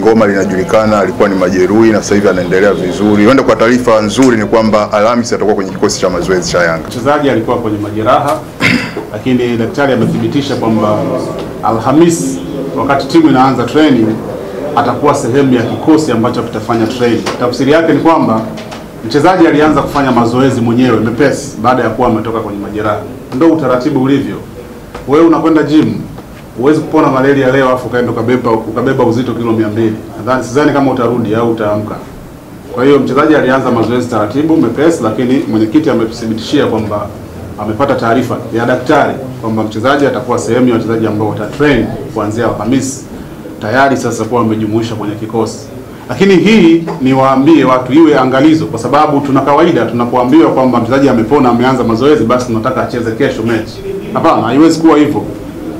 ngoma linajulikana, alikuwa ni majeruhi na sasa hivi anaendelea vizuri. Uende kwa taarifa nzuri ni kwamba Alhamisi atakuwa kwenye kikosi cha mazoezi cha Yanga. Mchezaji alikuwa kwenye majeraha, lakini daktari amethibitisha kwamba Alhamisi wakati timu inaanza training atakuwa sehemu ya kikosi ambacho kitafanya training. Tafsiri yake ni kwamba mchezaji alianza kufanya mazoezi mwenyewe mepesi baada ya kuwa ametoka kwenye majeraha. Ndio utaratibu ulivyo. Wewe unakwenda gym Huwezi kupona malaria leo afu kaenda ukabeba ukabeba uzito kilo 200. Nadhani sidhani kama utarudi au utaamka. Kwa hiyo mchezaji alianza mazoezi taratibu mepesi, lakini mwenyekiti amethibitishia kwamba amepata taarifa ya daktari kwamba mchezaji atakuwa sehemu ya wachezaji ambao watatrain kuanzia Alhamisi tayari sasa kuwa wamejumuisha kwenye kikosi. Lakini hii niwaambie watu iwe angalizo, kwa sababu tuna kawaida tunapoambiwa kwamba mchezaji amepona ameanza mazoezi, basi tunataka acheze kesho mechi. Hapana, haiwezi kuwa hivyo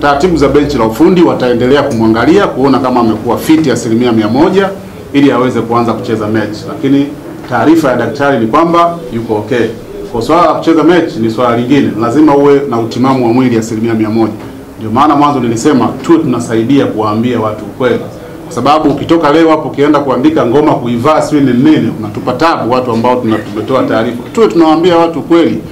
taratibu za benchi la ufundi wataendelea kumwangalia kuona kama amekuwa fiti asilimia mia moja ili aweze kuanza kucheza mechi, lakini taarifa ya daktari ni kwamba yuko okay. Kwa swala la kucheza mechi ni swala lingine, lazima uwe na utimamu wa mwili asilimia mia moja. Ndio maana mwanzo nilisema tu tunasaidia kuwaambia watu ukweli, kwa sababu ukitoka leo hapo ukienda kuandika ngoma kuivaa sijui ni nini, unatupa tabu watu ambao tumetoa taarifa. Tuwe tunawaambia watu ukweli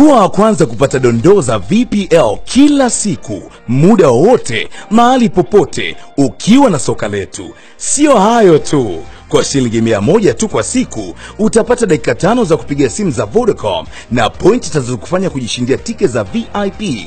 kuwa wa kwanza kupata dondoo za VPL kila siku, muda wowote, mahali popote, ukiwa na soka letu. Siyo hayo tu, kwa shilingi mia moja tu kwa siku utapata dakika tano za kupiga simu za Vodacom na pointi zitazokufanya kujishindia tiketi za VIP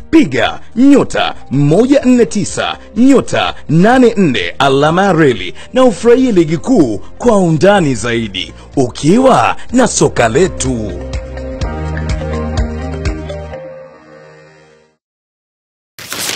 piga nyota 149 nyota 84 alama reli na ufurahie ligi kuu kwa undani zaidi ukiwa na soka letu.